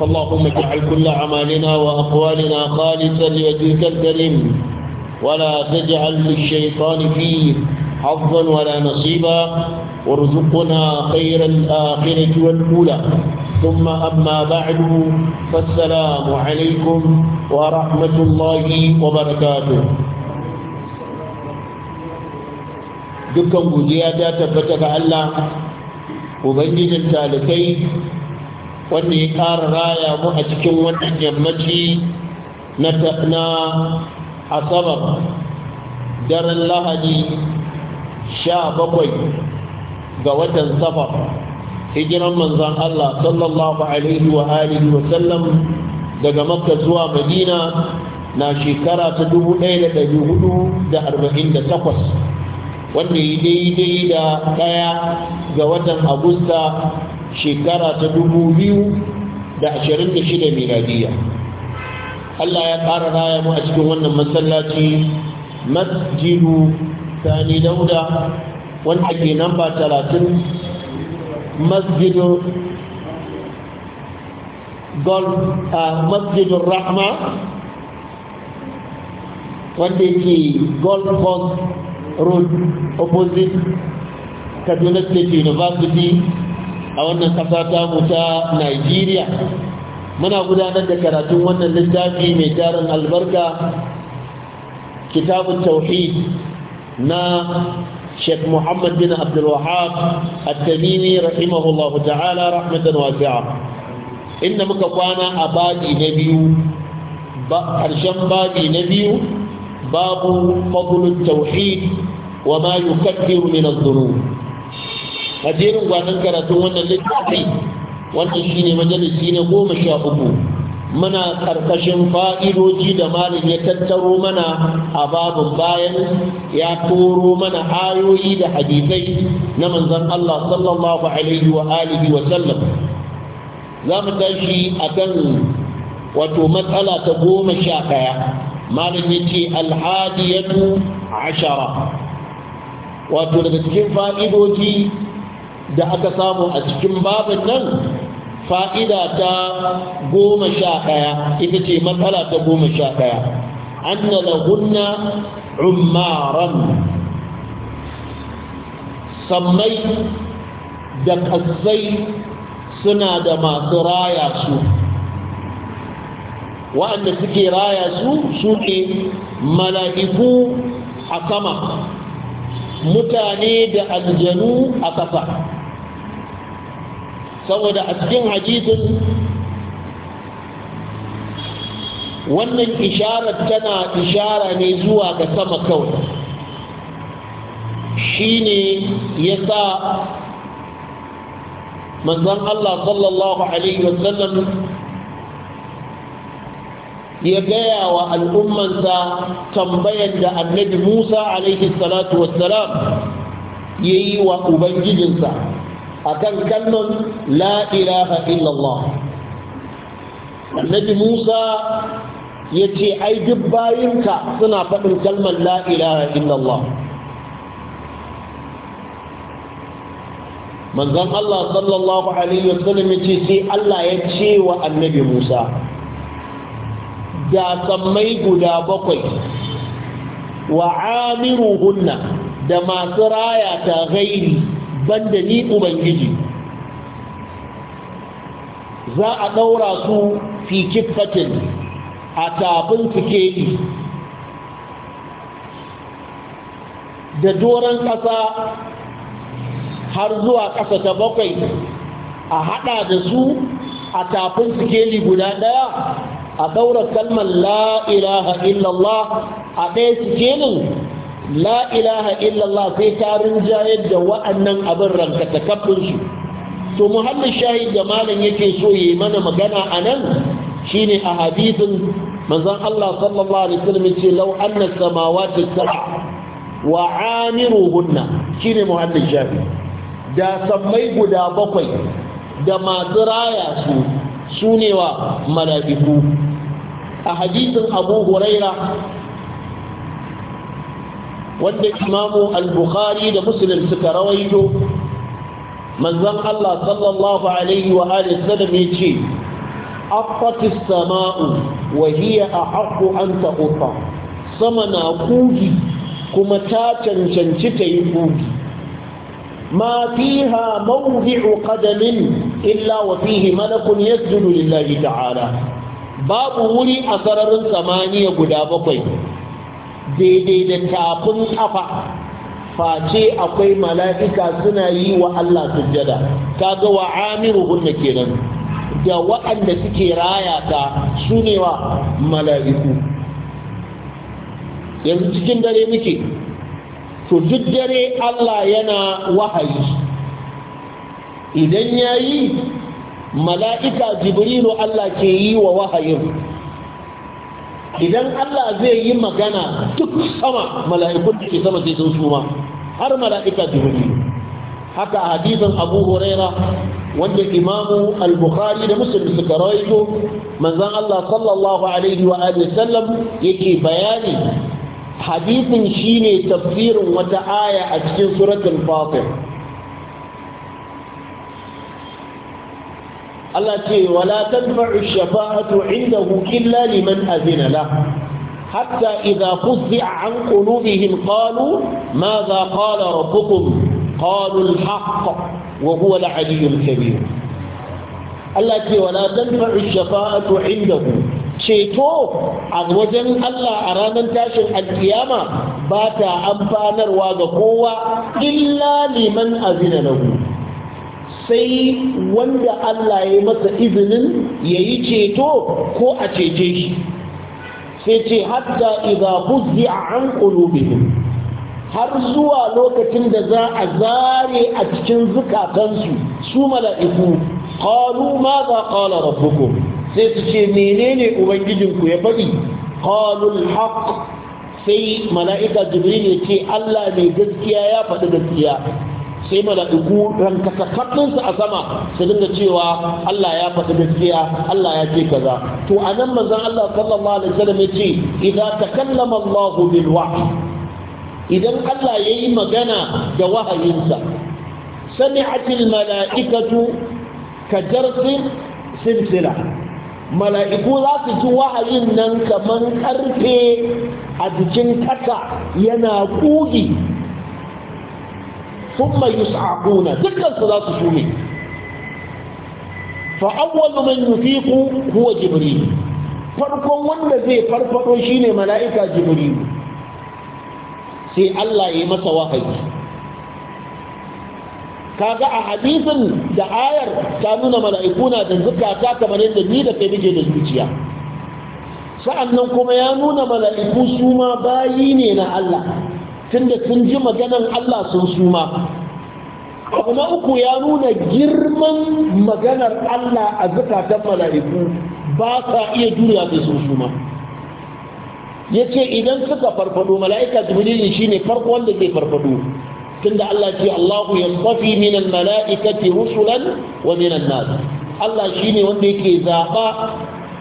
فاللهم اجعل كل اعمالنا وأقوالنا خالصا لوجهك الكريم ولا تجعل للشيطان فيه حظا ولا نصيبا وارزقنا خير الآخرة والأولى ثم أما بعد فالسلام عليكم ورحمة الله وبركاته dukkan gujiya ta الله وبنجد Allah wanda ya ƙara raya mu a cikin wannan yammaci na asabar daren lahadi sha bakwai ga watan safar hijiran manzan Allah sallallahu alaihi wa alihi wa sallam daga makka zuwa madina na shekara ta da da takwas, wanda ya daidai da ɗaya ga watan agusta shekara ta dubu biyu da ashirin da shida miladiya Allah ya ƙara raya mu a cikin wannan masallaci masjidu sani dauda wanda ke namba talatin masjidun golf a masjidun rahma wanda ke golf course road opposite kaduna state university a wannan kasa ta mu ta Najeriya muna gudanar da karatun wannan littafi mai tarin albarka kitabun tauhid na Sheikh Muhammad bin Abdul Wahab At-Tamimi rahimahullahu ta'ala rahmatan wasi'a inda muka kwana a babi na biyu ba karshen babi na biyu babu fadlul tauhid wa ma yukaddiru min adh-dhunub a jerin gwanon karatun wannan littafi wannan shi ne majalisi na goma sha uku muna ƙarƙashin fa'idoji da malin ya tattaro mana a babin bayan ya toro mana ayoyi da hadisai na manzan Allah sallallahu alaihi wa alihi wa sallam za mu tashi kan wato matsala ta goma sha ɗaya malin ya ce alhadiyatu ashara wato daga cikin fa'idoji da aka samu a cikin babin nan fa'ida ta goma sha ɗaya ita ce matsala ta goma sha ɗaya an na lagunna umaran sammai da ƙasai suna da masu raya su wa'anda suke raya su su ne mala'iku a sama mutane da aljanu a ƙasa saboda a cikin hadisin wannan isharar tana ishara ne zuwa ga sama kawai shi ne ya sa manzan Allah sallallahu Alaihi wasallam ya gaya wa al'ummansa tambayar da annabi Musa Alaihi salatu wassalam ya yi wa Ubangijinsa akan kallon la ilaha illallah annabi musa ya ce ai duk bayinka suna faɗin kalmar la ilaha illallah manzon Allah sallallahu alaihi wasallam ya ce sai Allah ya ce wa annabi musa da sammai guda bakwai wa amiruhunna da masu raya ta gairi banda ni ubangiji za a ɗaura su fi kifatin a tafin sikeli da doron ƙasa har zuwa ƙasa ta bakwai a haɗa da su a tafin sikeli guda ɗaya a ɗaura kalmar la'ilaha illallah a ɗaya sikelin la ilaha illallah sai ta rinjayar da wa'annan abin rankata kafin su to muhammad shahid da malam yake so yi mana magana a nan shine a hadithin manzon Allah sallallahu alaihi wasallam ce law anna samawati sab'a wa amiruhunna shine muhammad shahid da sammai guda bakwai da masu raya su sunewa ne mala'iku a hadisin abu huraira wanda imamu al-bukhari da muslim suka rawaito manzon Allah sallallahu alaihi wa alihi sallam yace afatis sama'u wa hiya ahqqu an taqta sama na kugi kuma ta cancanci ta yi kugi ma fiha mawdi'u qadamin illa wa fihi malakun yasjudu lillahi ta'ala babu wuri a sararin samaniya guda bakwai daidai da tafin kafa face akwai mala'ika suna yi wa Allah sujjada kaga wa hunna kenan da waɗanda suke raya ta su wa mala'iku yanzu cikin dare muke to duk dare Allah yana wahayi idan ya yi mala'ika jibrilu Allah ke yi wa wahayin idan Allah zai yi magana duk sama mala'ikun da ke sama sai sun suma har mala'ika jibril haka a hadisin Abu Huraira wanda imamu Al-Bukhari da Muslim suka rawaito manzon Allah sallallahu alaihi wa alihi sallam yake bayani hadisin shine tafsirin wata aya a cikin suratul Fatir Allah ce wala tanfa'u shafa'atu indahu illa liman azina la hatta idza fuzza an qulubihim qalu madha qala rabbukum qalu al-haqq wa huwa al-'aliyyul kabir Allah ce wala tanfa'u shafa'atu indahu ceto a wajen Allah a ranar tashin alkiyama ba ta amfanarwa ga kowa illa liman azina lahu sai wanda Allah ya masa izinin ya yi ceto ko a cece shi sai ce hatta idza buzzi an qulubihim har zuwa lokacin da za a zare a cikin zukatansu su mala'iku qalu ma za ƙala rabbukum sai su ce menene ubangijinku ya faɗi qalu al sai mala'ika jibril ya ce Allah mai gaskiya ya faɗi gaskiya sai mala'iku rankatakaɗinsu a sama su dinga cewa Allah ya faɗi gaskiya Allah ya ce kaza to a nan manzon Allah sallallahu alaihi wasallam ya ce idza takallama Allahu bil wahyi idan Allah yayi magana da wahayinsa sami'atil mala'ikatu kajarsin silsila mala'iku za su ji wahayin nan kamar karfe a jikin kasa yana kugi thumma yus'aquna dukkan su za su shume fa awwalu man yufiqu huwa jibril farkon wanda zai farfado shine mala'ika jibril sai Allah ya masa wahayi kaga a hadisin da ayar ta nuna mala'ikuna da zukata kamar yadda ni da kai muke da zuciya sa'annan kuma ya nuna mala'iku su ma bayi ne na Allah tunda sun ji maganan Allah sun suma abu na uku ya nuna girman maganar Allah a zukatan mala'iku ba sa iya duniya da sun suma ya ce idan suka farfado mala'ika jibrilu shine ne farko wanda zai farfado tunda Allah ce Allahu ya tsafi minan mala'ikati rusulan wa minan nas Allah shine wanda yake zaɓa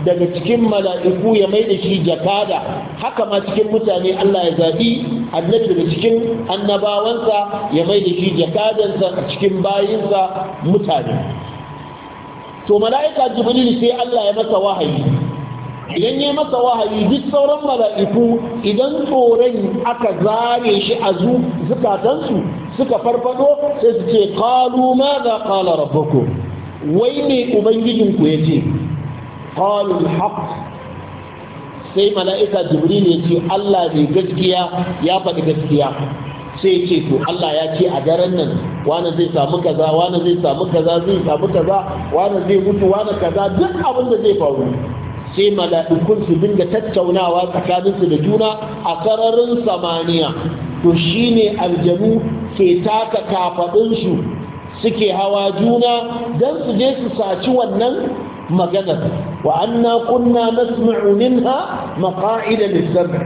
daga cikin mala'iku ya mai da shi jakada haka ma cikin mutane Allah ya zaɓi annabi daga cikin annabawansa ya mai da shi jakadansa a cikin bayinsa mutane to mala'ika jibril sai Allah ya masa wahayi idan ya masa wahayi duk sauran mala'iku idan tsoron aka zare shi a zukatansu suka farfado sai su ce kalu ma za kala rabbako wai ne ubangijinku ya ce qalu al sai mala'ika jibril ya ce Allah ne gaskiya ya faɗi gaskiya sai ce to Allah ya ce a daren nan wani zai samu kaza wani zai samu kaza zai samu kaza wani zai mutu wani kaza duk abin da zai faru sai mala'ikun su dinga tattaunawa tsakaninsu da juna a sararin samaniya to shine aljanu ke taka kafaɗinsu suke hawa juna don su je su saci wannan maganar وأنا كنا نسمع منها مقاعد للسمع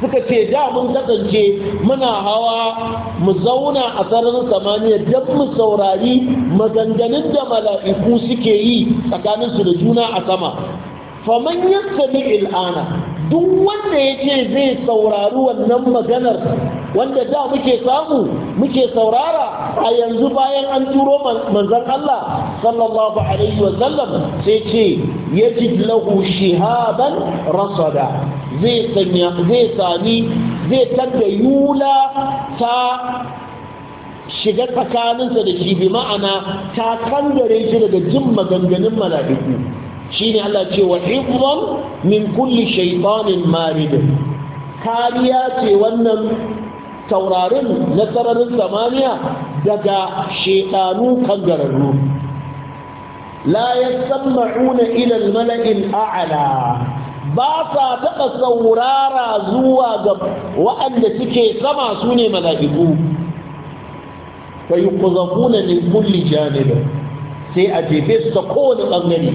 suka ce da mun kasance muna hawa mu zauna a sararin samaniya duk mu saurari maganganun da mala'iku suke yi tsakaninsu da juna a sama faman yadda ni il'ana duk wanda ya ce zai saurari wannan maganar wanda da muke samu muke saurara a yanzu bayan an turo manzan Allah sallallahu alaihi wasallam sai ce yajid lahu shihaban rasada zai sanya zai sami zai tadda yula ta shiga tsakaninsa da shi bi ma'ana ta kangare shi daga jin maganganun mala'iku shine Allah ce wa hifzan min kulli shaytanin marid kariya ce wannan taurarin na sararin samaniya daga shaytanu kangararru la yasma'una ila al-mala'il a'la ba sa taɓa saurara zuwa ga waɗanda suke sama su ne mala'iku fa yi kuzafuna ne kulli janibin sai a jefe su ta kowane ɓangare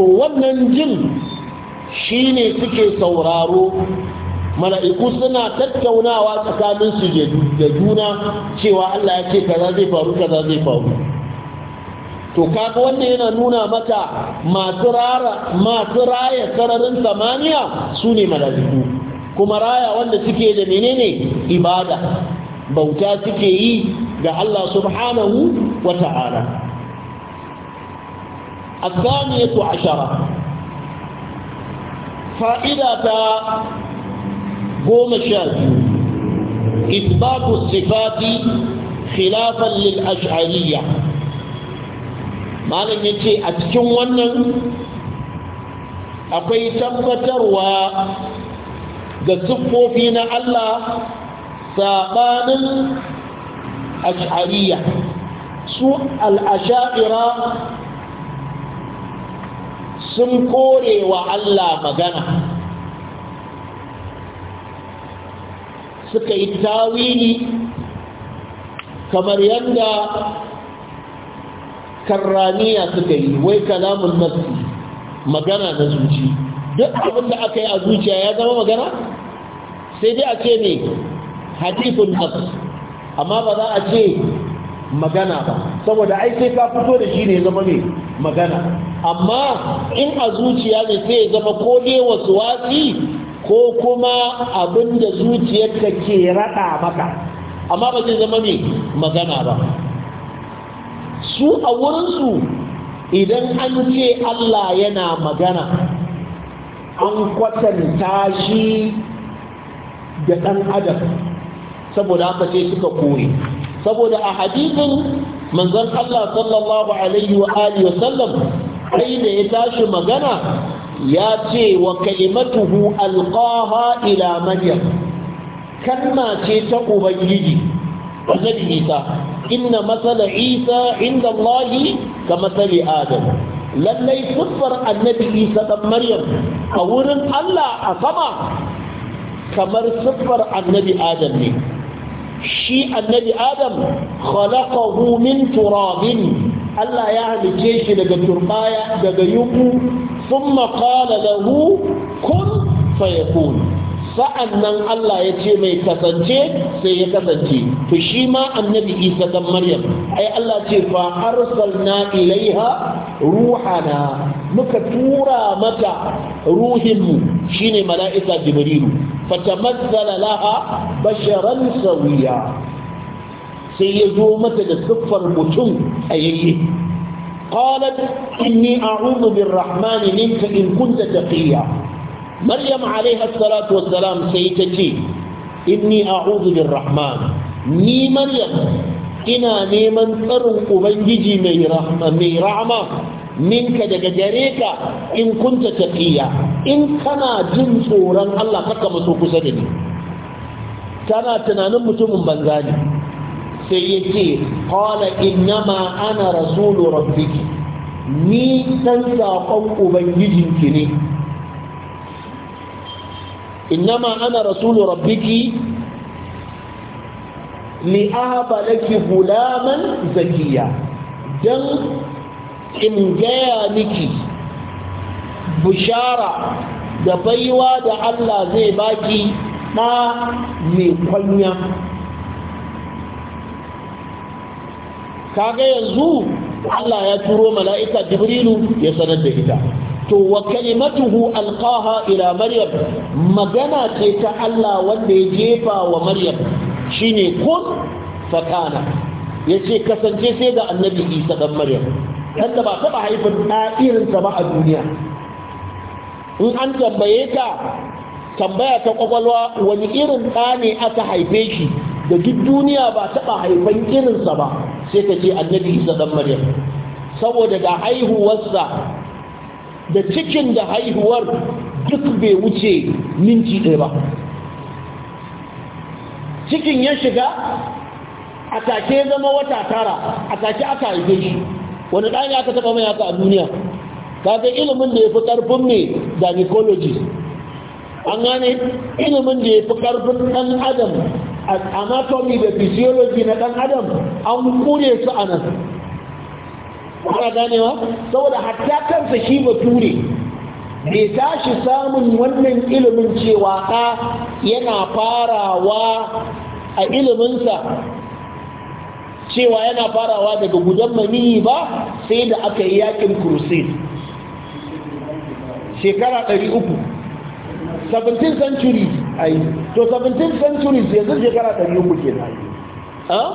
to wannan jin shi ne suke sauraro mala'iku suna tattaunawa su da juna cewa Allah ya ce kaza zai faru kaza zai faru to kaga wanda yana nuna mata masu raya sararin samaniya su ne mala'iku kuma raya wanda suke da menene ibada bauta suke yi ga Allah subhanahu wa ta'ala الثانية عشرة فائدة قوم الشاذ إثبات الصفات خلافا للأشعرية ما لم يتي ون أقي تبتر و قصفوا فينا الله ثابان أشعرية سوء الأشاعرة sun kore wa Allah magana suka yi tawili kamar yadda karraniya suka yi wai kalamun nafsi magana na zuci duk abin da aka yi a zuciya ya zama magana sai dai a ce ne hadithun nafs amma ba za a ce magana ba saboda ai sai ka fito da shi ne zama ne magana amma in a zuciya ne sai ya zama ko dai wasu wasi ko kuma abin da zuciyarka ke raɗa maka amma ba zai zama mai magana ba su a wurinsu idan an ce Allah yana magana an kwatanta shi da ɗan adam saboda aka ce suka koyi saboda a hadisin manzon Allah sallallahu alaihi wa alihi wa sallam ai da ya tashi magana ya ce wa kalimatuhu alqaha ila maryam kalma ce ta ubangiji annabi isa inna masala isa inda allahi ka masali adam lallai siffar annabi isa dan maryam a wurin allah a sama kamar siffar annabi adam ne shi annabi adam khalaqahu min turabin Allah ya halice shi daga turbaya daga yuku sun maƙala lahu kun fayakun sa'an nan Allah ya ce mai kasance sai ya kasance to shi ma annabi isa dan maryam ai Allah ce fa na ilaiha ruhana muka tura mata ruhinmu shine mala'ika jibrilu fatamazzala laha basharan sauriya. sai ya zo mata da siffar mutum a yayye qalat inni a'udhu birrahmani minka in kunta taqiya maryam alaiha salatu wassalam sai ta ce inni a'udhu birrahman ni maryam ina neman tsarin ubangiji mai rahma mai rahma minka daga gare ka in kunta taqiya in kana jin tsoron Allah kaka maso kusa da ni tana tunanin mutumin banza ne sai ya ce qala innama ana rasulu rabbiki ni dan saƙon ubangijinki ne innama ana rasulu rabbiki li ahaba laki gulaman zakiya dan in gaya miki bishara da baiwa da Allah zai baki ma mai kwanya kaga yanzu Allah ya turo mala'ika jibrilu ya sanar da ita to wa kalimatuhu alqaha ila maryam magana ce ta Allah wanda ya jefa wa maryam shine kun fakana yace kasance sai ga annabi Isa dan maryam dan ba taba haifin sa ba a duniya in an tambaye tambaya ta kwakwalwa wani irin ɗa ne aka haife shi da duk duniya ba taɓa haifan irinsa ba sai ka ce annabi isa dan maryam saboda da haihuwarsa da cikin da haihuwar duk bai wuce minti ɗaya ba cikin ya shiga a take zama wata tara a take aka haife shi wani ɗani aka taɓa mai haka a duniya kaga ilimin da ya fi ƙarfin mai gynecologist an gane ilimin da ya fi ƙarfin ɗan adam anatomy da physiology na dan adam an kure su a nan kuna ganewa saboda hatta kansa shi ba ture. bai tashi samun wannan ilimin cewa ɗa yana farawa a iliminsa cewa yana farawa daga gudan maniyi ba sai da aka yi yakin crusade shekara 300 17 century ai to 17th century yanzu shekara 300 da ah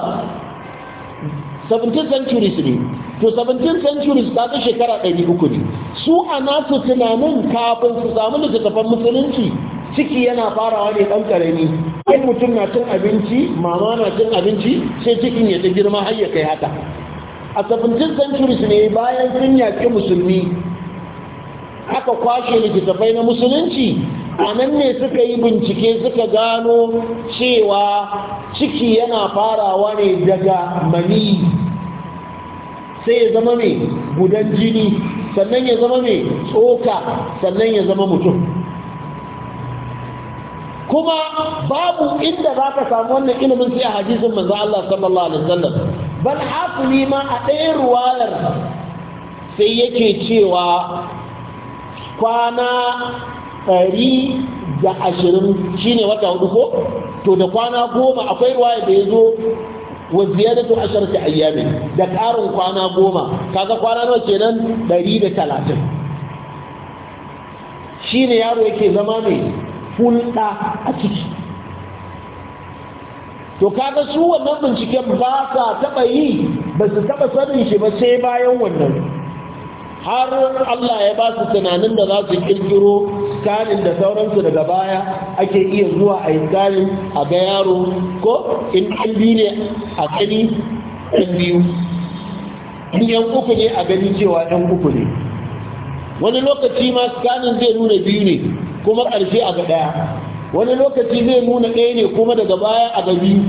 17th century ne to 17th century ta ga shekara 300 ne su a nasu tunanin kafin su samu littattafan musulunci ciki yana farawa ne dan karami ai mutum na cin abinci mama na cin abinci sai cikin ya ta girma har ya kai haka a 17th century ne bayan sun yaƙi musulmi aka kwashe littattafai na musulunci a nan ne suka yi bincike suka gano cewa ciki yana farawa ne daga mani sai ya zama mai gudan jini sannan ya zama mai tsoka sannan ya zama mutum kuma babu inda za ka samu wannan ilimin sai a hadisin manzo Allah sallallahu alaihi wasallam bal hasili ma a ɗaya ruwayar sai yake cewa kwana ɗari da ashirin shine wata hudu ko to da kwana goma akwai ruwaya da ya zo wa ziyadatu asharati ayyami da ƙarin kwana goma kaga kwana nawa kenan ɗari da talatin shine yaro yake zama mai fulɗa a ciki to kaga su wannan binciken ba sa taɓa yi ba su taɓa sanin shi ba sai bayan wannan har Allah ya ba su tunanin da za su kirkiro scanning da sauransu daga baya ake iya zuwa a yi scanning a ga yaro ko in ɗan biyu ne a gani ɗan biyu in yan uku ne a gani cewa yan uku ne wani lokaci ma scanning zai nuna biyu ne kuma ƙarshe a ga ɗaya wani lokaci zai nuna ɗaya ne kuma daga baya a ga biyu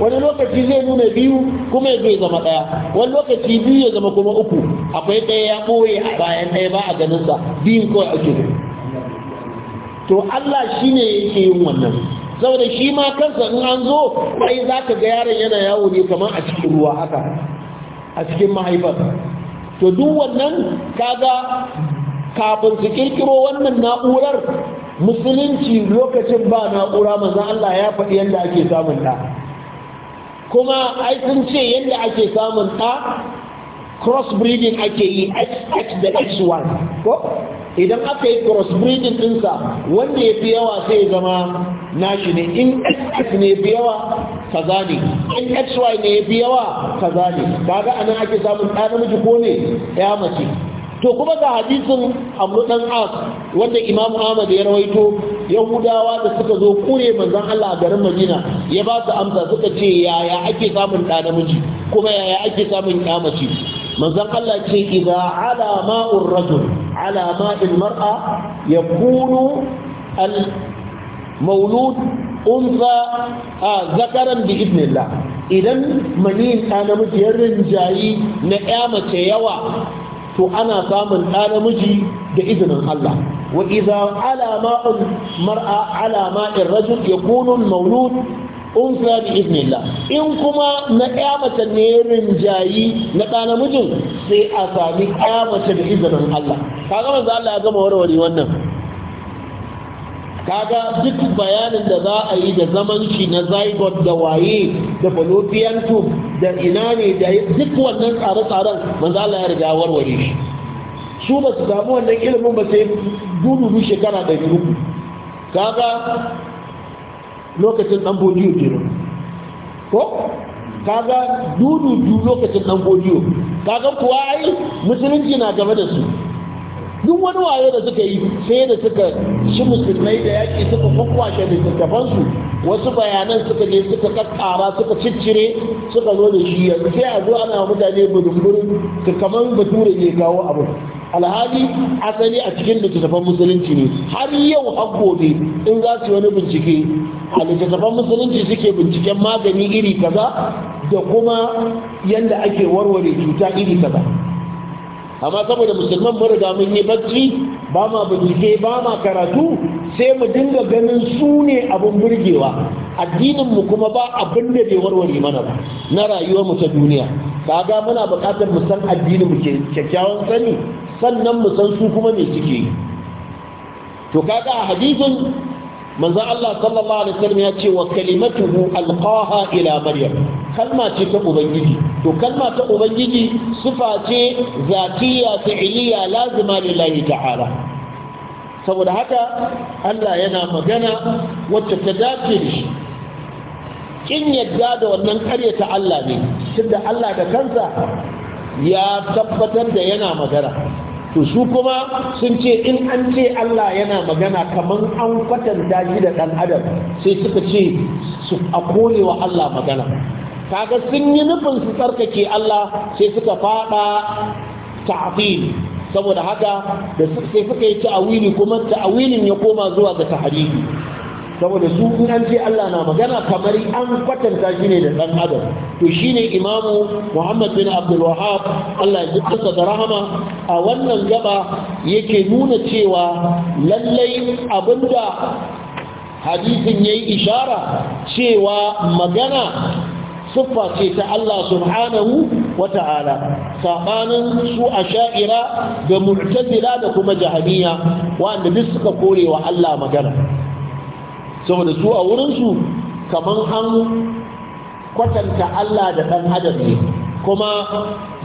wani lokaci zai nuna biyu kuma ya zai zama ɗaya wani lokaci biyu ya zama kuma uku akwai ɗaya ya ɓoye a bayan ɗaya ba a ganinsa biyu kawai ake to Allah shi ne yake yin wannan saboda shi ma kansa in an zo ai za ka ga yaron yana yawo ne kamar a cikin ruwa haka a cikin mahaifar to duk wannan kaga kafin su kirkiro wannan na'urar musulunci lokacin ba na'ura maza Allah ya faɗi yadda ake samun ta. kuma ai ce yadda ake samun ta cross breeding ake yi x da x1 ko idan aka yi cross breeding dinsa wanda ya fi yawa sai zama nashi ne in x ne fi yawa kaza ne in xy ne ya fi yawa kaza ne kaga anan ake samun ɗa namiji ko ne ya mace to kuma ga hadisin amru dan as wanda imam ahmad ya rawaito yahudawa da suka zo kure manzon Allah a garin madina ya ba su amsa suka ce yaya ake samun ɗa namiji kuma yaya ake samun ƴa mace manzon Allah ce idza ala ma'ur rajul ala ma'il mar'a yakunu al maulud unza zakaran bi idnillah idan maniyin ɗa namiji ya rinjayi na ƴa mace yawa to ana samun ɗa namiji da izinin Allah wa idza alama mar'a alama in rajul yakunu maulud unsa bi iznillah in kuma na ya mace ne rinjayi na ɗa namijin sai a sami ya mace da izinin Allah kaga manzo Allah ya gama warware wannan kaga duk bayanin da za a yi da zaman shi na zygote da waye da fallopian tube da ina ne da duk wannan tsare-tsaren manzo Allah ya riga warware shi su ba su samu wannan ilimin ba sai du shekara da uku kaga lokacin dan bodiyo kenan ko kaga du lokacin dan bodiyo kaga kuwa ai musulunci na gaba da su duk wani waye da suka yi sai da suka shi musulmai da yaki suka kwakwashe littattafansu wasu bayanan suka je suka kakkara suka ciccire suka zo da shi yanzu sai a zo ana mutane budumburin su kamar bature ne kawo abu alhali asali a cikin littattafan musulunci ne har yau har gobe in za su wani bincike a littattafan musulunci suke binciken magani iri kaza da kuma yadda ake warware cuta iri kaza amma saboda musulman mun riga mun yi bacci ba ma bincike ba ma karatu sai mu dinga ganin su ne abin burgewa addinin mu kuma ba abin da bai warware mana ba na rayuwar mu ta duniya kaga muna buƙatar mu san addinin mu kyakkyawan sani sannan mu san su kuma me suke to kaga a hadisin manzo Allah sallallahu alaihi wasallam ya ce wa kalimatuhu alqaha ila maryam kalma ce ta ubangiji to kalma ta ubangiji sifa ce zatiya fi'iliya lazima lillahi ta'ala saboda haka Allah yana magana wacce ta dace da shi kin yadda da wannan ta Allah ne tunda Allah da kansa ya tabbatar da yana magana to su kuma sun ce in an ce Allah yana magana kamar an kwatanta shi da ɗan adam sai suka ce su a wa Allah magana kaga sun yi nufin su tsarkake Allah sai suka fada ta'fil saboda haka da sai suka yi ta'awili kuma ta'awilin ya koma zuwa ga tahrifi saboda su in an ce Allah na magana kamar an kwatanta shi ne da ɗan adam to shine ne imamu Muhammad bin Abdul Wahhab Allah ya jikinsa da rahama a wannan gaba yake nuna cewa lallai abinda hadisin yayi ishara cewa magana siffa ce ta Allah subhanahu Wata'ala. ta'ala sabanin su sha'ira da mu'tazila da kuma jahaniya wanda duk suka kore wa Allah magana saboda su a wurin su an kwatanta Allah da ɗan adam ne kuma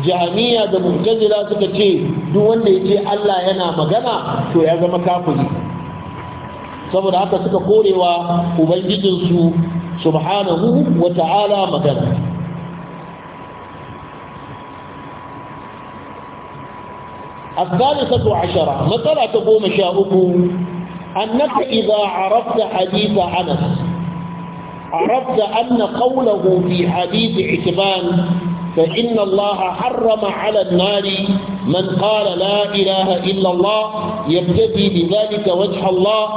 jahaniya da mu'tazila suka ce duk wanda yace Allah yana magana to ya zama kafiri saboda haka suka korewa ubangijinsu سبحانه وتعالى مثلا الثالثة عشرة مثلا تقوم شاؤكم أنك إذا عرفت حديث أنس عرفت أن قوله في حديث عثمان فإن الله حرم على النار من قال لا إله إلا الله يبتدي بذلك وجه الله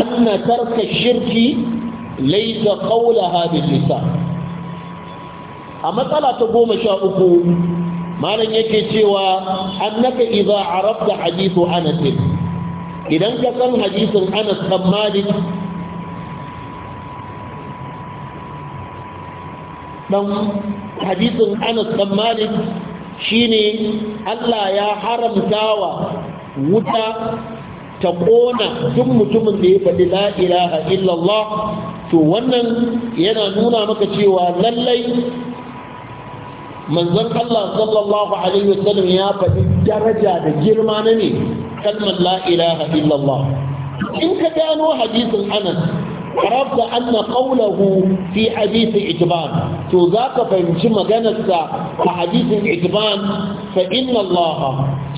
أن ترك الشرك laisa qawlaha bil lisan a matsala ta goma sha uku malam yake cewa annaka idza arabta hadithu anas idan ka san hadisin anas bin malik dan hadisin anas bin malik shine Allah ya haramtawa wuta ta kona duk mutumin da ya faɗi la ilaha illallah to wannan yana nuna maka cewa lallai manzon Allah sallallahu alaihi wasallam ya faɗi daraja da girma na ne kalmar la illallah in ka gano hadisin Anas arabta anna qawluhu fi hadith ijban to zaka fahimci maganarsa a hadisin ijban fa Allah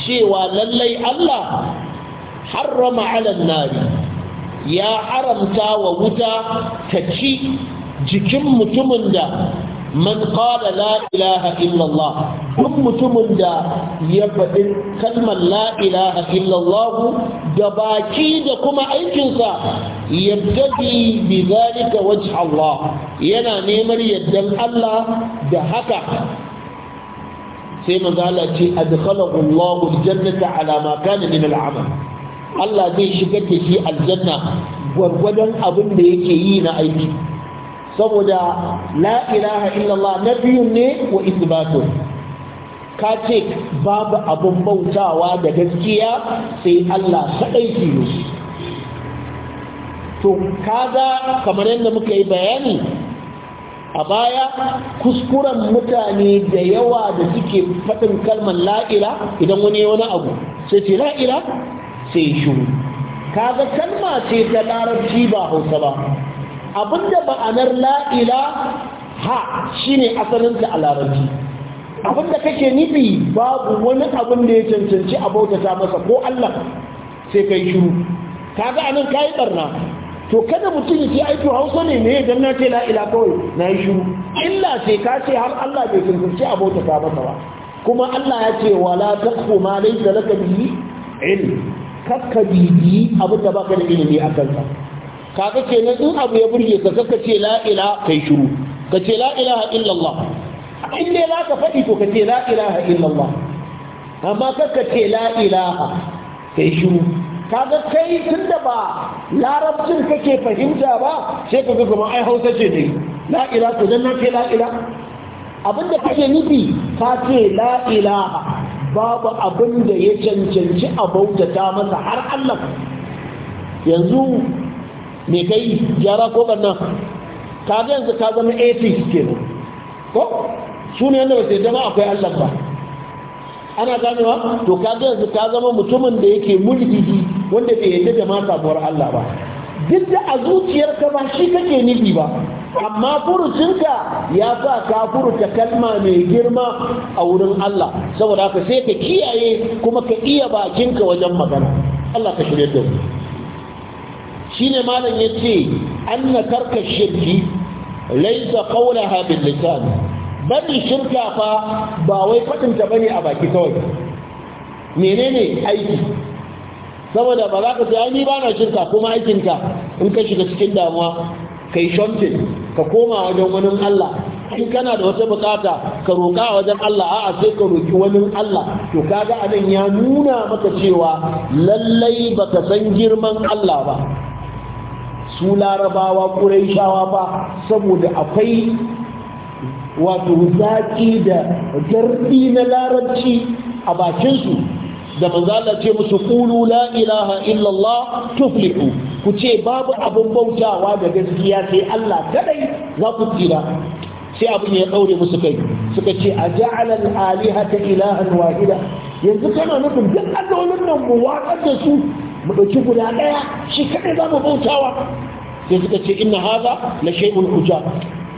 cewa lallai Allah harrama ala nari ya haramta wa wuta ta ci jikin mutumin da man qala la ilaha illallah duk mutumin da ya faɗi kalmar la ilaha illallah da baki da kuma aikinsa yabtadi bi zalika wajh Allah yana neman yaddan Allah da haka sai manzo Allah ce adkhalahu Allah aljannata ala ma kana min al'amal Allah zai shiga da shi aljanna gwargwadon abin da yake yi na aiki saboda la ilaha illallah na biyun ne wa isbatun ka ce babu abin bautawa da gaskiya sai Allah kaɗai tilo to kaga kamar yadda muka yi bayani a baya kuskuren mutane da yawa da suke faɗin kalmar la'ila idan wani wani abu sai ce la'ila sai shuru kaga kalma ce ta larabci ba hausa ba abinda ba'anar la'ila ha shine asalinta a larabci abinda kake nufi babu wani abin da ya cancanci a bautata masa ko allah sai kai shuru kaga anan kayi barna to kada mutum ya ce aiki hausa ne me don na ce la'ila kawai na yi shuru illa sai ka ce har allah bai cancanci a bautata masa ba kuma allah ya ce wala taqfu ma laysa laka bihi ilm kakka bibi abin da baka da ilimi a kansa kaga kenan in abu ya burge ka kakka ce la ila kai shiru ka ce la ilaha illallah in dai za ka faɗi to ka ce la ilaha illallah amma kakka ce la ilaha kai shiru kaga kai tun da ba larabcin kake fahimta ba sai ka ga kuma ai hausa ce ne la ila to dan na ce la ila abinda kake nufi ka ce la ilaha babu abin da ya cancanci a bautata masa har Allah yanzu me kai gyara ko banna ka ga yanzu ka zama atheist kenan ko su ne yadda ba sai zama akwai Allah ba ana ganewa to ka ga yanzu ka zama mutumin da yake mulhidi wanda bai yadda da ma sabuwar Allah ba duk da a zuciyarka ba shi kake nufi ba amma furucinka ya sa ka furuta kalma mai girma a wurin Allah saboda haka sai ka kiyaye kuma ka iya bakinka wajen magana Allah ka shirye da mu ne malam yace anna karka shirki laysa qawlaha bil lisan bari shirka fa ba wai fadin bane a baki kawai menene aiki saboda ba za ka ce ni ba na shirka kuma aikinka in ka shiga cikin damuwa kai shontin ka koma wajen wani Allah in kana da wata bukata ka roƙa wajen Allah a'a sai ka roƙi wani Allah to kaga anan ya nuna maka cewa lallai baka san girman Allah ba su larabawa ƙuraishawa ba saboda akwai wato zaƙi da garɗi na larabci a bakinsu da manzala ce musu ƙulu la ilaha illallah tuflihu ku ce babu abin bautawa da gaskiya sai Allah kadai za ku tsira sai abin ya daure musu kai suka ce a ja'ala al-alihata ilahan wahida yanzu kana nufin duk allolin nan mu watsar da su mu ɗauki guda ɗaya. shi kadai za mu bautawa sai suka ce inna hadha la shay'un ujab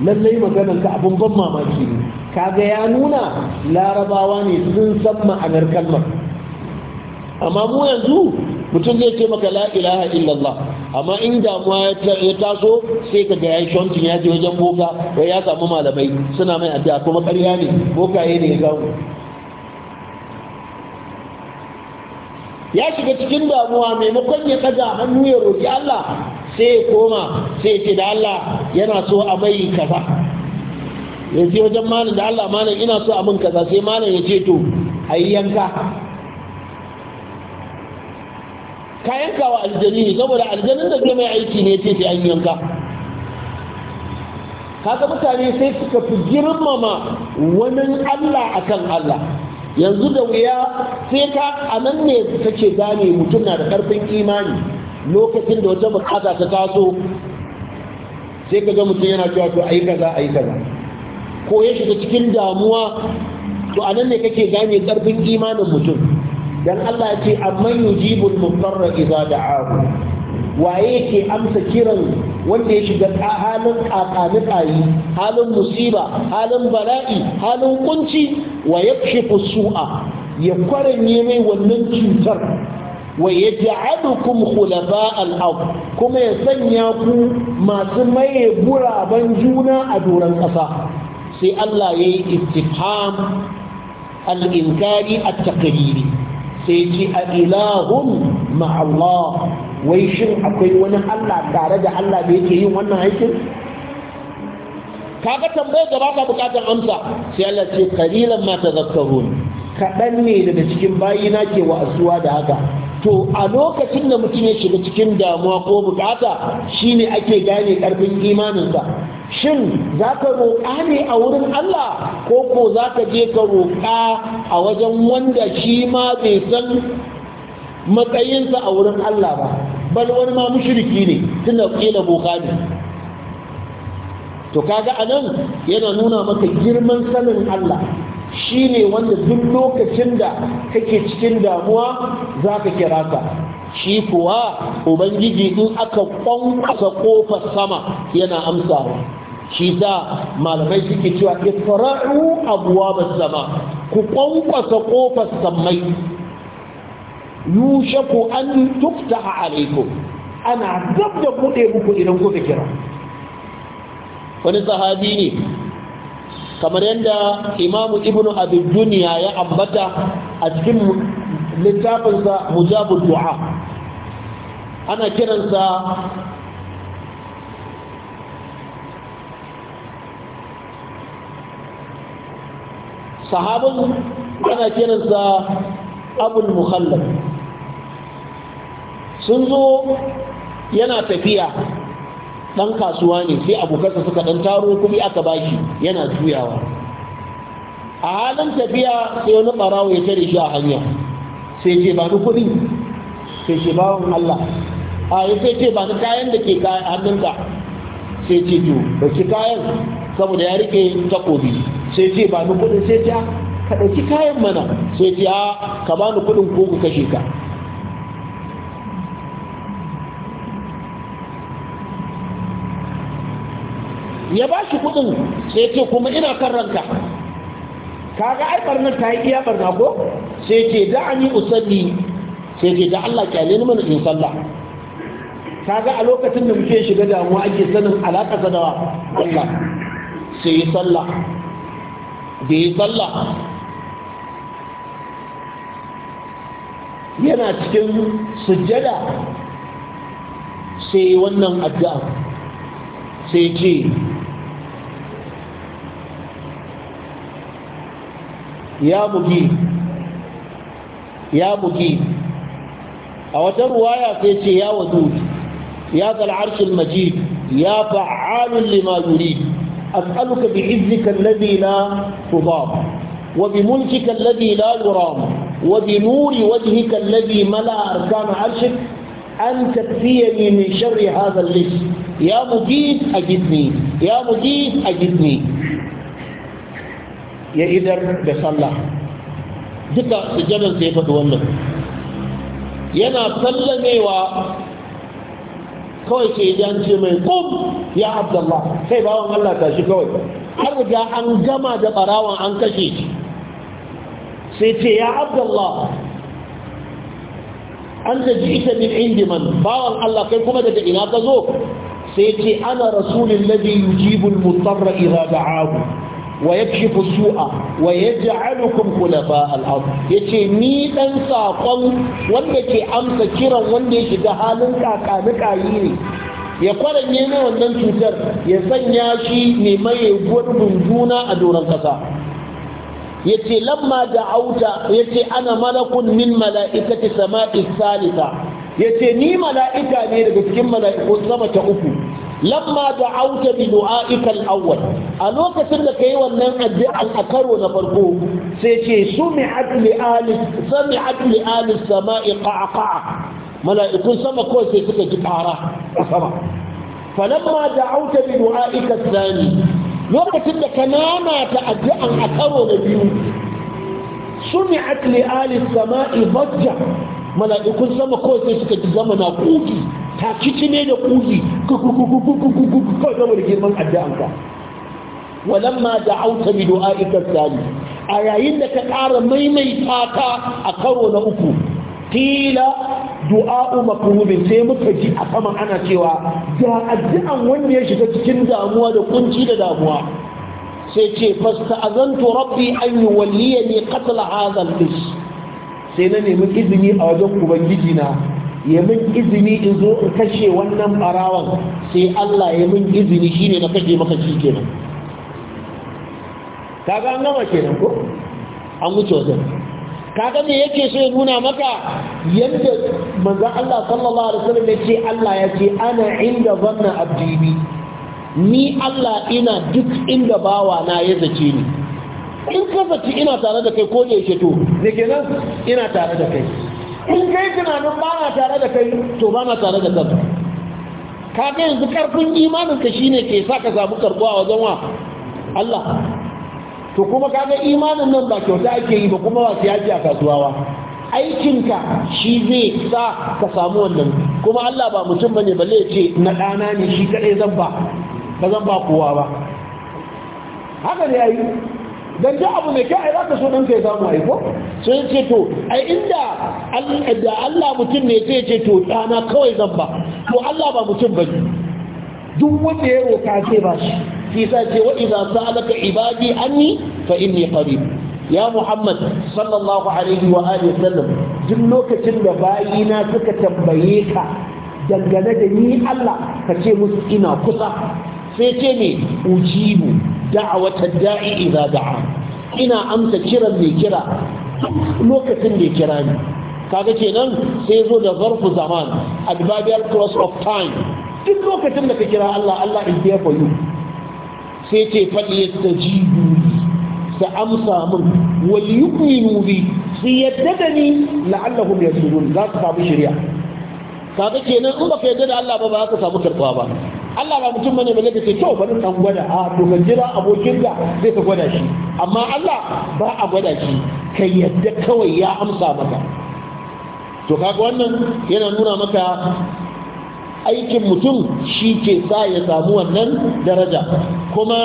lallai maganar ka abin ban mamaki ne kaga ya nuna larabawa ne sun san ma'anar kalmar amma mu yanzu mutum zai ce maka la ilaha illallah amma in damuwa ya taso sai ka ga yayi shontin ya je wajen boka wai ya samu malamai suna mai addu'a kuma ƙarya ne yayi ne ya samu. ya shiga cikin damuwa maimakon ya ɗaga hannu ya roƙi Allah sai ya koma sai ce da Allah yana so a mai kaza ya wajen malam da Allah malam ina so a mun kaza sai malam ya ce to ayyanka yanka ka yanka wa aljani ne saboda aljanin da mai aiki ne ce sai an yanka kaga mutane sai suka fi girmama wani Allah akan Allah yanzu da wuya sai ka a nan ne kake gane mutum na da karfin imani lokacin da wata bukata ta taso sai ka ga mutum yana cewa to ayi kaza ayi kaza ko ya shiga cikin damuwa to a nan ne kake gane karfin imanin mutum dan Allah ya ce amman yujibul mudarra idza da'ahu waye ke amsa kiran wanda ya shiga halin kakani halin musiba halin bala'i halin kunci wa yakshifu su'a ya kwaranye mai wannan cutar wa ya ja'alukum khulafa al-ard kuma ya sanya ku masu maye guraben juna a doron ƙasa sai Allah yayi ittiham al-inkari at-taqriri sai ce a ilahun ma'allah wai shin akwai wani Allah tare da Allah da yake yin wannan aikin kaga tambayar da ka bukatar amsa sai Allah ce qalilan ma tadhakkarun Kaɗan ne daga cikin bayina ke wa'azuwa da haka to a lokacin da mutum ya shiga cikin damuwa ko bukata shine ake gane karfin imaninsa shin za ka roƙa ne a wurin Allah ko ko za ka je ka roƙa a wajen wanda shi ma bai san matsayinsa a wurin Allah ba bal wani ma mushriki ne tunda kila boka ne to kaga anan yana nuna maka girman sanin Allah shi ne wanda duk lokacin da kake cikin damuwa za ka kira ka shi kuwa ubangiji in aka kwankwasa kofar sama yana amsawa shi za malamai suke cewa isra'u abuwa sama ku kwankwasa kofar yushe ku an tukta a alaikum ana gab da buɗe muku idan ku kira wani sahabi ne kamar yadda imamu Ibn abin duniya ya ambata a cikin littafinsa mujabul du'a ana kiransa sahabin ana kiransa abul muhallab sun zo yana tafiya ɗan kasuwa ne sai abokansa suka ɗan taro kuɗi aka bashi yana juyawa a halin tafiya sai wani ɓarawo ya tare shi a hanya sai ce ba ni kuɗi sai ce wani Allah a yi sai ce ba ni kayan da ke hannunka sai ce to ɗauki kayan saboda ya rike takobi sai ce ba ni kuɗin sai ce ka ɗauki kayan mana sai ce a ka ba ni kuɗin ko ku kashe ka ya ba shi kuɗin sai ce kuma ina kan ranka kaga ai barnar ta yi iya barna ko sai ce yi usalli sai ce da Allah kyale ni mana in sallah kaga a lokacin da muke shiga damuwa ake sanin alaƙa da Allah sai yi sallah da yi sallah yana cikin sujjada sai wannan addu'a sai ce ya bugi ya bugi a wata ruwaya sai ce ya wadud ya zal arshil majid ya fa'alun lima yurid as'aluka bi izzika alladhi la tudab wa bi mulkika alladhi la yuram wa bi nuri wajhika alladhi mala arkan arshik أن تكفيني من شر هذا اللص يا مجيد أجدني يا مجيد أجدني يا إذا بصلى duka sujjadan sai fadu wannan yana sallamewa kawai sai ya ce mai kum ya abdullah sai bawan Allah shi kawai har ga an gama da barawan an kashe shi sai ce ya abdullah an da ji ita min indi man bawan Allah kai kuma daga ina ka zo sai ce ana rasulullahi yujibul mutarra idza da'ahu wa yakshifu su'a wa yaj'alukum khulafa al-ard yace ni dan sakon wanda ke amsa kiran wanda ya shiga halin kakanikayi ne ya kwaranye ne wannan cutar ya sanya shi ne mai gurbin juna a doron kasa ce lamma Ya yace ana malakun min mala'ikati sama'i salisa yace ni mala'ika ne daga cikin mala'iku sama ta uku lamma da auta bi du'a'ika awwal a lokacin da kai wannan addu'an a karo na farko sai ce sumi'at li ali sami'at li ali sama'i qa'qa'a mala'ikun sama ko sai suka ji fara sama falamma da auta bi du'a'ika thani lokacin da kanana ta addu'an a karo na biyu sumi'at li ali sama'i bajja mala'ikun sama kawai sai suka ji gama na kuki ta kici ne da kuki kawai gama da girman addu'anka walamma da auta bi du'a'ika tsali a yayin da ka ƙara maimaita ta a karo na uku kila du'a'u makrubin sai muka ji a saman ana cewa ga addu'an wanda ya shiga cikin damuwa da kunci da damuwa sai ce fasta azantu rabbi an yuwalliyani qatl hadha al-fish sai na nemi izini a wajen ubangiji na ya min izini in zo in kashe wannan barawan sai Allah ya min izini shine na kashe maka shi kenan kaga an gama kenan ko an wuce wajen kaga me yake so ya nuna maka yadda manzon Allah sallallahu alaihi wasallam ya ce Allah ya ce ana inda zanna abdi ni Allah ina duk inda bawa na ya zace ni in ka zaci ina tare da kai ko ya yake to ke kenan ina tare da kai in kai tunanin ba na tare da kai to ba na tare da kanka ga yanzu karfin imanin ka shine ke sa ka samu karbuwa wajen wa Allah to kuma ka ga imanin nan ba kyauta ake yi ba kuma ba ta yaki a kasuwa aikinka shi zai sa ka samu wannan kuma Allah ba mutum bane balle ya ce na ɗana ne shi kaɗai zan ba ba zan ba kowa ba haka ne yayi dan duk abu mai kyau ai za ka so ɗanka ya samu aiko sai ce to ai inda Allah mutum ne sai ce to dana kawai zan ba to Allah ba mutum ba duk wanda ya roka ce ba shi shi sa ce wa idza sa'alaka ibadi anni fa inni qarib ya Muhammad sallallahu alaihi wa alihi sallam duk lokacin da na suka tambaye ka dangane da ni Allah ka ce musu ina kusa sai ce ne ujibu da'awata da'i idza da'a ina amsa kiran mai kira lokacin da kira ni kaga kenan sai zo da zarfu zaman adverbial cross of time duk lokacin da ka kira Allah Allah is there for you sai ce fali yastajibu sa amsa min wal yu'minu bi sai yadda da ni la'allahum yasudun za su samu shari'a kaga kenan in baka yadda da Allah ba ba za ka samu karɓa ba Allah ba mutum bane bane kyau to bari kan gwada a to jira abokin da zai ka gwada shi amma Allah ba a gwada shi kai yadda kawai ya amsa maka to kaga wannan yana nuna maka aikin mutum shi ke sa ya samu wannan daraja kuma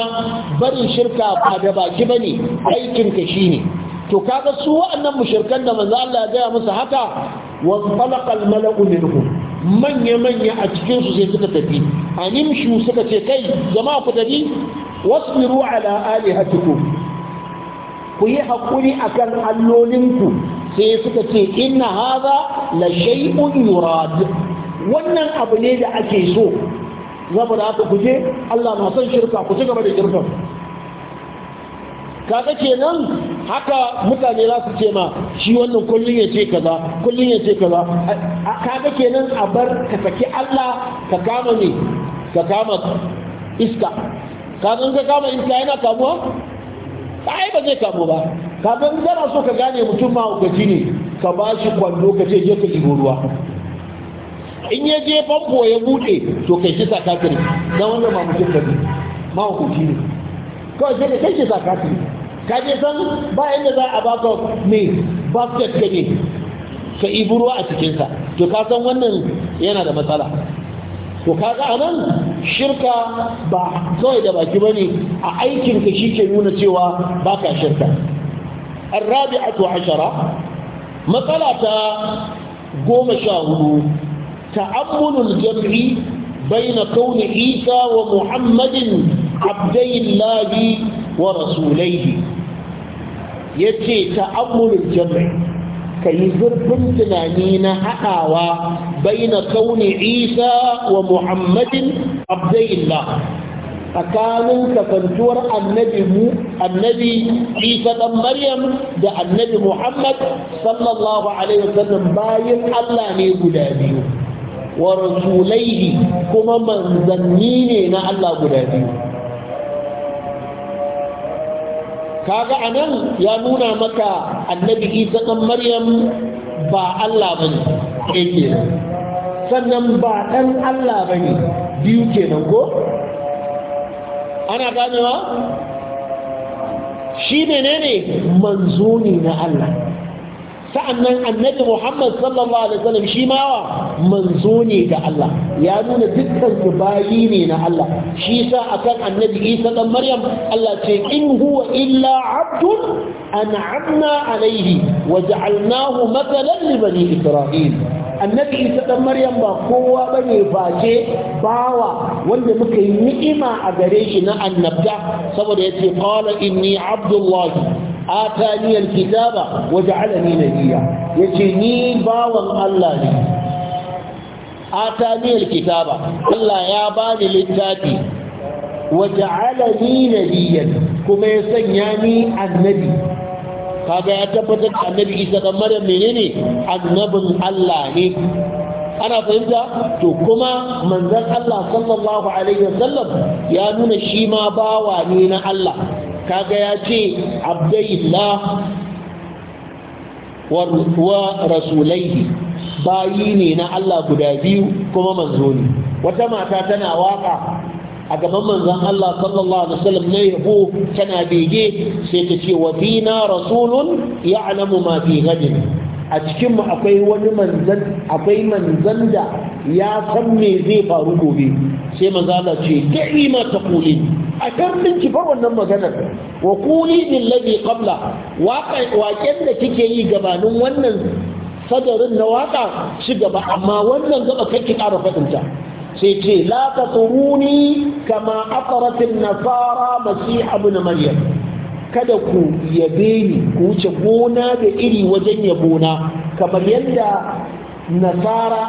barin shirka ba da baki bane shi shine to kaga su wa'annan mushirkan da manzo Allah ya gaya musu haka wa talaqal mala'u minhum manya-manya a cikinsu sai suka tafi a nimshu suka ce kai zama ku tafi wasbiru ala alihatikum ku yi haƙuri akan allolinku sai suka ce inna haza la shay'un yurad wannan abu ne da ake so saboda haka ku je Allah na son shirka ku ci gaba da shirkan kaga kenan haka mutane za su ce ma shi wannan kullun ya ce kaza kullun ya ce kaza kaga kenan a bar ka saki Allah ka kama ne ka kama iska kaga ka kama iska yana kamuwa ai ba zai kamu ba kafin kana so ka gane mutum ma hukaci ne ka ba shi kwando ka ce je ka jigo ruwa in ya je famfo ya bude to kai shi sakatiri don wanda ma mutum ka ma hukaci ne kawai sai ka kai shi sakatiri ka je san ba inda za a baka mai basket ka ne ka ibi ruwa a cikinsa to ka san wannan yana da matsala to ka ga anan shirka ba kawai da baki ne a aikinka shi ke nuna cewa baka shirka ta goma sha hudu, شاهدوا تأمل baina بين كون عيسى ومحمد عبدي الله ورسوليه ya ce amurin jam'i ka yi zurfin tunani na haɗawa bai na kauni isa wa muhammadin abdaillah tsakanin kasantuwar annabi mu annabi isa ɗan maryam da annabi muhammad sallallahu alaihi wasallam bayan allah ne guda biyu wa rasulaihi kuma manzanni ne na allah guda biyu kaga anan ya nuna maka annabi isa ɗan maryam ba allah ba ne ke sannan ba ɗan allah ba ne biyu kenan ko ana ganewa shi menene ne ne na allah sa'annan annabi Muhammad sallallahu alaihi wasallam shi ma wa manzo ne ga Allah ya nuna dukkan bayi ne na Allah shi yasa akan annabi Isa dan Maryam Allah ce in huwa illa abdun an'amna alaihi wa ja'alnahu matalan li bani Isra'il annabi Isa dan Maryam ba kowa bane ce bawa wanda muka yi ni'ima a gare shi na annabta saboda yace qala inni abdullahi atani alkitaba wa nabiyya yace ni bawan Allah ne atani alkitaba Allah ya bani littafi wa ja'alani nabiyyan kuma ya sanya ni annabi kaga ya tabbatar da annabi Isa kan Maryam menene annabin Allah ne ana fahimta to kuma manzon Allah sallallahu alaihi wasallam ya nuna shi ma bawa ne na Allah kaga ya ce abdullah wa rasulaihi bayi ne na Allah guda biyu kuma manzo ne wata mata tana waka a gaban manzon Allah sallallahu alaihi wasallam ne yabo tana bege sai ta ce wa fina rasulun ya'lamu ma fi ghadin a cikinmu akwai wani manzan akwai manzan da ya san me zai faru gobe sai maza Allah ce da'i ma taquli a kan ki wannan maganar wa quli lil ladhi qabla waƙen da kike yi gabanin wannan sadarin na waƙa ci gaba amma wannan gaba ki ƙara ta. sai ce la taturuni kama aqrat an-nasara masih ibn maryam kada ku yabe ni ku wuce gona da iri wajen yabona kamar yadda nasara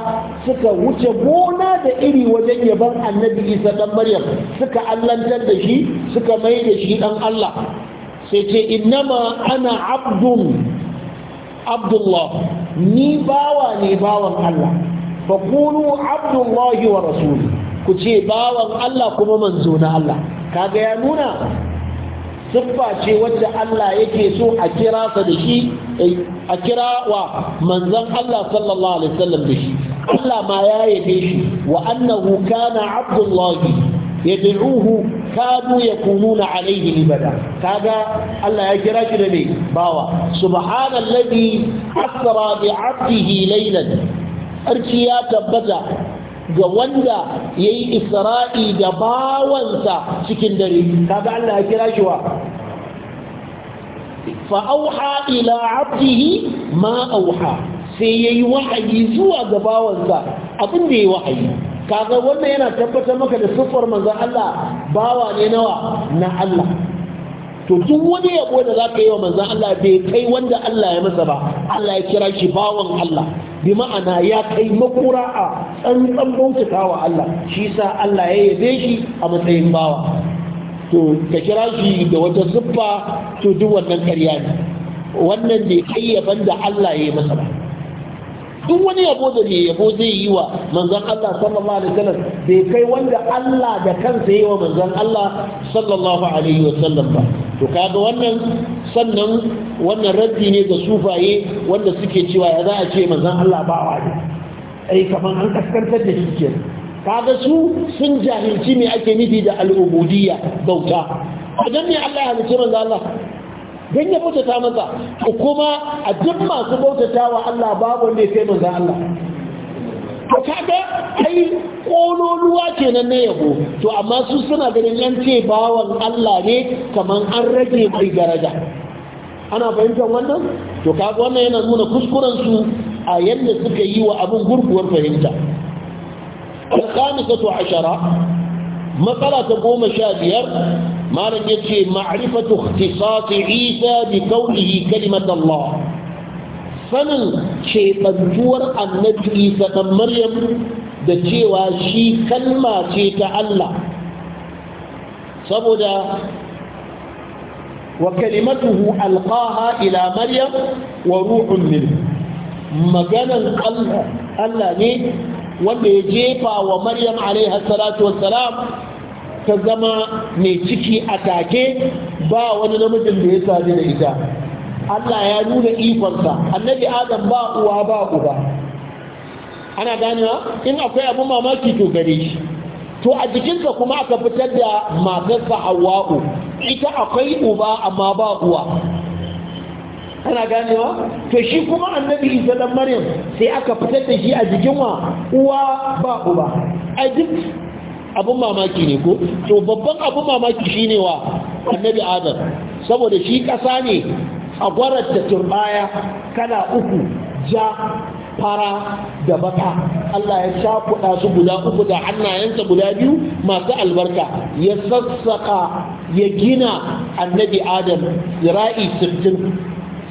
suka wuce gona da iri wajen yaban annabi isa dan maryam suka allantar da shi suka mai da shi dan allah sai ce innama ana abdun abdullah ni bawa ne bawan allah fa abdullahi wa rasuli ku ce bawan allah kuma manzo na allah kaga ya nuna siffa ce wacce Allah yake so a kira sa da shi eh, a kira wa manzon Allah sallallahu alaihi wasallam da shi Allah ma ya yabe shi wa annahu kana abdullahi yad'uhu kadu yakununa alaihi libada kaga Allah ya kira shi da me bawa subhanallazi asra bi 'abdihi laylan arki ya tabbata ga wanda ya yi isra'i da bawansa cikin dare kaga Allah ya kira shi wa fa'auha ila abdihi ma auha sai ya yi wahayi zuwa ga bawansa abin da ya yi wahayi kaga wannan yana tabbatar maka da siffar manzan Allah bawa ne nawa na Allah to duk wani yabo da za ka yi wa manzan Allah bai kai wanda Allah ya masa ba Allah ya kira shi bawan Allah bi ma'ana ya kai makura a tsantsan bautata wa Allah shi sa Allah ya yabe shi a matsayin bawa to ka kira shi da wata zuffa to duk wannan karya ne wannan ne kai da Allah ya yi masa ba duk wani yabo da mai yabo zai yi wa Manzan Allah sallallahu alaihi wasallam bai kai wanda Allah da kansa yi wa Manzan Allah sallallahu alaihi wasallam ba to kaga wannan sannan wannan raddi ne ga sufaye wanda suke cewa ya za a ce Manzan Allah ba wa ne ai kaman an kaskantar da shi kenan kaga su sun jahilci me ake nufi da al'ubudiyya bauta wajen ne Allah ya halicci manzon Allah don ya bautata masa kuma a duk masu bautata wa Allah babu wanda ya sai Allah ta kaga ai kololuwa kenan na yabo to amma su suna ganin yan ce bawan Allah ne kaman an rage mai daraja ana fahimtar wannan to kaga wannan yana nuna kuskuren su a yadda suka yi wa abin gurguwar fahimta al-khamisatu matsala ta goma sha biyar malam ya ce ma'rifatu ikhtisasi isa bi qawlihi kalimat Allah sanin keɓantuwar annabi isa ɗan maryam da cewa shi kalma ce ta Allah saboda wa kalimatuhu alqaha ila maryam wa ruhun min maganan Allah ne wanda ya jefa wa maryam alaiha salatu wassalam ta zama mai ciki a take ba wani namijin da ya sadu da ita Allah ya nuna ikonsa annabi adam ba uwa ba uba ana ganewa in akwai abin mamaki to gare shi to a jikinsa kuma aka fitar da matarsa hawa'u ita akwai uba amma ba uwa ana ganewa to shi kuma annabi isa dan maryam sai aka fitar da shi a jikin wa uwa ba uba a duk abin mamaki ne ko to babban abin mamaki shine wa annabi adam saboda shi ƙasa ne a gwarar da turbaya kana uku ja fara da baka Allah ya shafuɗa su guda uku da hannayensa guda biyu masu albarka ya sassaka ya gina annabi adam zira'i sittin.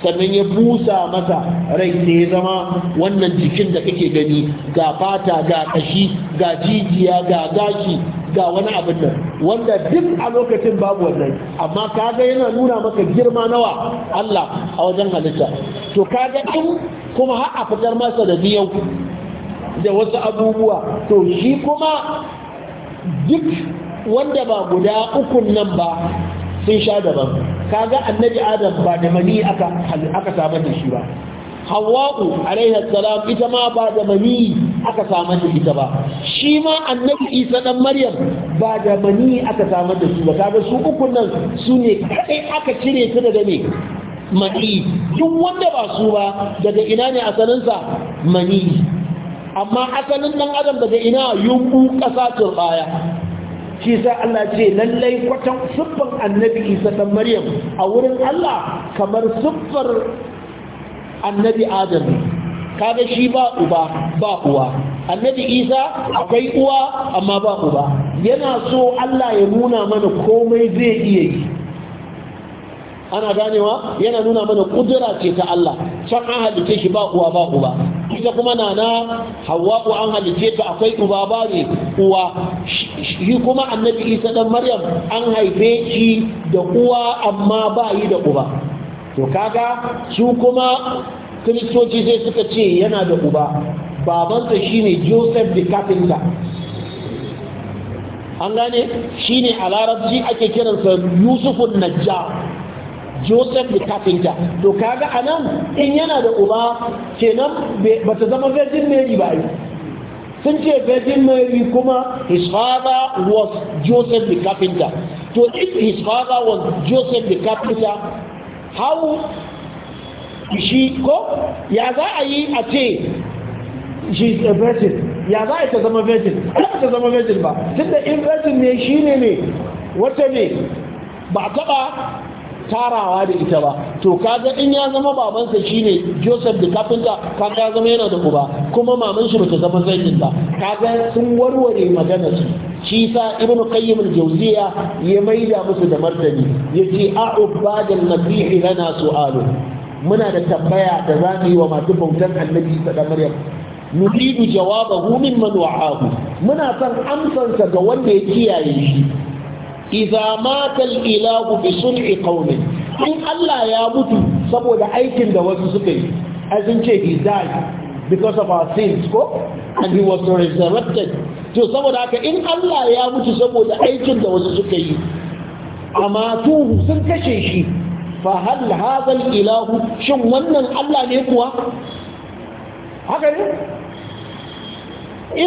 sannan ya busa masa rai sai ya zama wannan jikin da kake gani ga fata ga kashi ga jijiya ga gashi ga wani abin nan wanda duk a lokacin babu wannan amma kaga yana nuna maka girma nawa Allah a wajen halitta to kaga in kuma har a fitar masa da biyau da wasu abubuwa to shi kuma duk wanda ba guda ukun nan ba sun sha daban kaga annabi adam ba da mani aka aka samar da shi ba hawa'u alaihi salam ita ma ba da mani aka samar da ita ba shi ma annabi isa dan maryam ba da mani aka samar da shi ba kaga su uku nan su ne kadai aka cire su daga ne mani duk wanda ba su ba daga ina ne asalinsa mani amma asalin dan adam daga ina yunku kasa turbaya shi sai Allah ce lallai kwatan siffar annabi isa ɗan maryam a wurin Allah kamar siffar annabi adam kaga shi ba uba ba uwa annabi isa akwai uwa amma ba uba yana so Allah ya nuna mana komai zai iya yi ana ganewa yana nuna mana kudura ce ta Allah can an halice shi ba uwa ba uba ita kuma nana hawa'u an halice ta akwai uba ba ne uwa shi kuma annabi isa dan maryam an haife shi da uwa amma ba yi da uba to kaga su kuma kiristoci sai suka ce yana da uba babansa shine joseph the carpenter an gane shine a larabci ake kiransa yusufun najjar joseph the carpenter to kaga a nan in yana da uba kenan ba ta zama virgin mary ba sun ce virgin mary kuma his father was joseph the carpenter to if his father was joseph the carpenter how shi ko ya za a yi a ce she is a virgin ya za a ta zama virgin ba ta zama virgin ba tunda in virgin ne shi ne ne wata ne ba taba tarawa da ita ba to kaga in ya zama babansa shine Joseph da kafinta kaga ya zama yana da uba kuma maman shi bata zama zakin ba kaga sun warware magana su shi ibnu qayyim al-jawziya ya maida musu da martani yace a'ubad al-masih lana su'alu muna da tambaya da za mu yi wa masu bautar annabi da maryam nuridu jawabahu mimman wa'ahu muna son amsansa ga wanda ya kiyaye shi idza mata al-ilahu fi sun'i qawmi in Allah ya mutu saboda aikin da wasu suka yi as in ce he died because of our sins ko and he was resurrected to saboda haka in Allah ya mutu saboda aikin da wasu suka yi amma amatuhu sun kashe shi fa hal hadha al-ilahu shin wannan Allah ne kuwa haka ne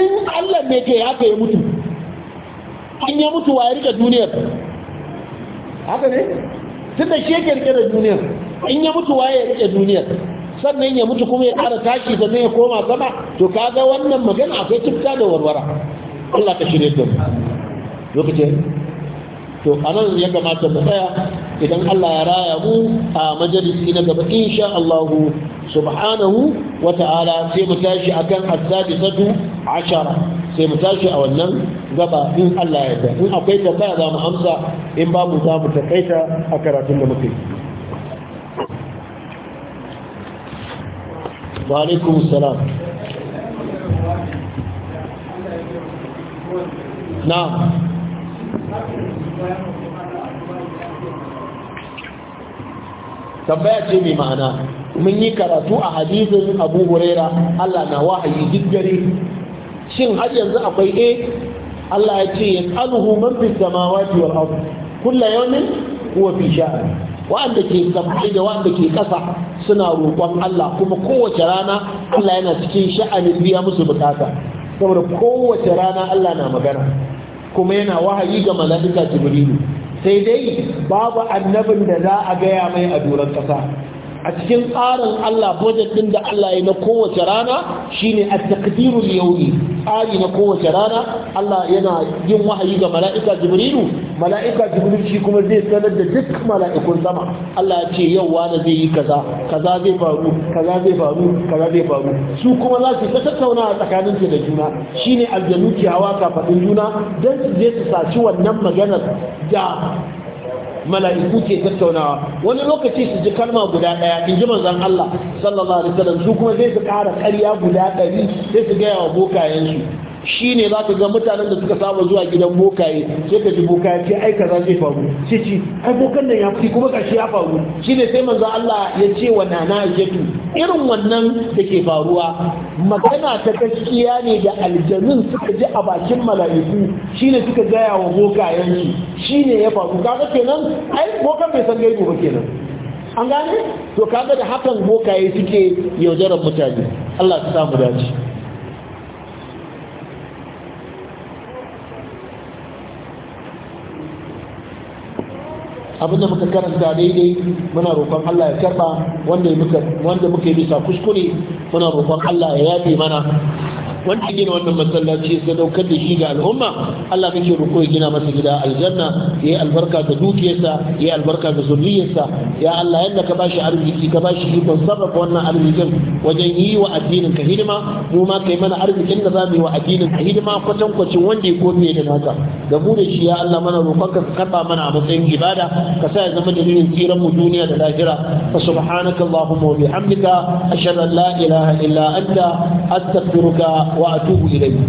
in Allah ne ke haka ya mutu in ya mutu wa ya rika duniyar haka ne tun da shi yake rike da duniyar in ya mutu wa ya rike duniyar sannan ya mutu kuma ya kara tashi sannan ya koma sama to kaga wannan magana akwai cikta da warwara Allah ka shirye ta lokacin to anan ya kamata mu tsaya idan Allah ya raya mu a majalisi na gaba insha Allah subhanahu wa ta'ala sai mu tashi akan as-sadisatu ashara sai mu tashi a wannan gaba in Allah ya in akwai tambaya za mu amsa in babu za mu takaita a karatun da muke wa alaikum salam na tambaya ce mai ma'ana mun yi karatu a hadisin abu huraira Allah na wahayi duk shin har yanzu akwai eh Allah ya ce yas'aluhu man fi samawati wal ard kullu yawmin huwa fi sha'an wa'anda ke sabai da wanda ke kasa suna roƙon Allah kuma kowace rana Allah yana cikin sha'anin biya musu bukata saboda kowace rana Allah na magana kuma yana wahayi ga mala'ika Jibrilu sai dai babu annabin da za a gaya mai a doron ƙasa a cikin tsarin Allah budget din da Allah ya na kowace rana shine at-taqdirul yawmi tsari na kowace rana Allah yana yin wahayi ga mala'ika Jibrilu mala'ika Jibrilu shi kuma zai sanar da duk mala'ikun sama Allah ya ce yau wani zai yi kaza kaza zai faru kaza zai faru kaza zai faru su kuma za su ta tattauna a tsakanin su da juna shine aljanu ke hawa kafadin juna dan su je su saci wannan maganar da mala'iku ke tattaunawa wani lokaci su ji kalma guda ɗaya in ji manzon Allah sallallahu alaihi wasallam su kuma zai su ƙara ƙarya guda ɗari sai su gaya wa bokayensu shi ne za ka ga mutanen da suka saba zuwa gidan bokaye sai ka ji bokaye ce ai kaza zai faru sai ci ai bokan nan ya fi kuma kashi ya faru shi ne sai manzo Allah ya ce wa nana ajatu irin wannan da ke faruwa magana ta gaskiya ne da aljanun suka ji a bakin mala'iku shi ne suka gaya wa bokayen shi ne ya faru kaga kenan ai bokan bai san gaibo ba kenan an gane to kaga da hakan bokaye suke yaudarar mutane Allah ya samu dace abinda muka karanta daidai muna roƙon Allah ya karba wanda muka yi bisa kuskure muna roƙon Allah ya yafe mana wanda ya gina wannan masallaci ya sadaukar da shi ga al'umma Allah kake roƙo ya gina masa gida aljanna ya albarka da dukiyarsa yai albarka da zuriyarsa ya Allah yadda ka bashi arziki ka bashi ikon sarrafa wannan arzikin wajen yi wa addinin ka hidima mu ma kai mana arzikin da za mu yi wa addinin ka hidima kwatan kwacin wanda ya kofi da naka da mu da shi ya Allah mana roƙon ka karba mana a matsayin ibada ka sa ya zama dalilin tsiran mu duniya da lahira fa subhanaka allahumma wa bihamdika ashhadu an la ilaha illa anta astaghfiruka wa atubu ilayhi